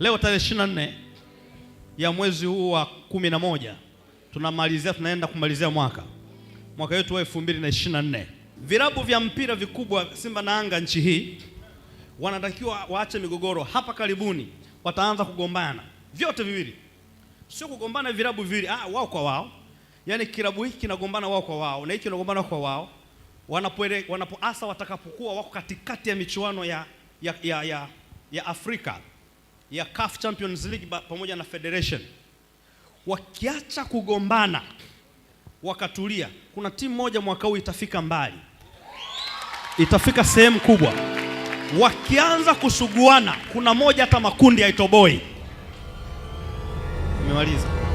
Leo tarehe 24 ya mwezi huu wa kumi na moja tunamalizia tunaenda kumalizia mwaka mwaka wetu wa 2024. Vilabu vya mpira vikubwa Simba na Yanga nchi hii wanatakiwa waache migogoro. Hapa karibuni wataanza kugombana vyote viwili, sio kugombana vilabu viwili, ah, wao kwa wao, yaani kilabu hiki kinagombana wao kwa wao na hiki kinagombana kwa wao, wanapoele wanapoasa, watakapokuwa wako katikati ya michuano ya, ya, ya, ya, ya Afrika ya CAF Champions League pamoja na Federation wakiacha kugombana wakatulia, kuna timu moja mwaka huu itafika mbali, itafika sehemu kubwa. Wakianza kusuguana, kuna moja hata makundi haitoboi. Nimemaliza.